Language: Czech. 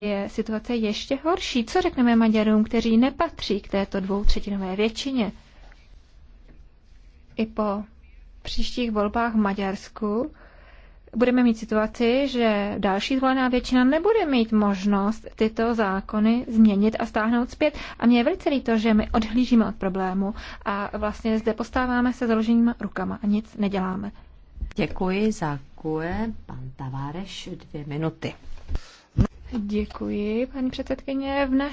je situace ještě horší. Co řekneme Maďarům, kteří nepatří k této dvoutřetinové většině? I po příštích volbách v Maďarsku budeme mít situaci, že další zvolená většina nebude mít možnost tyto zákony změnit a stáhnout zpět. A mě je velice líto, že my odhlížíme od problému a vlastně zde postáváme se založenýma rukama a nic neděláme. Děkuji za kue, pan Taváreš, dvě minuty. Děkuji, paní předsedkyně. V naš-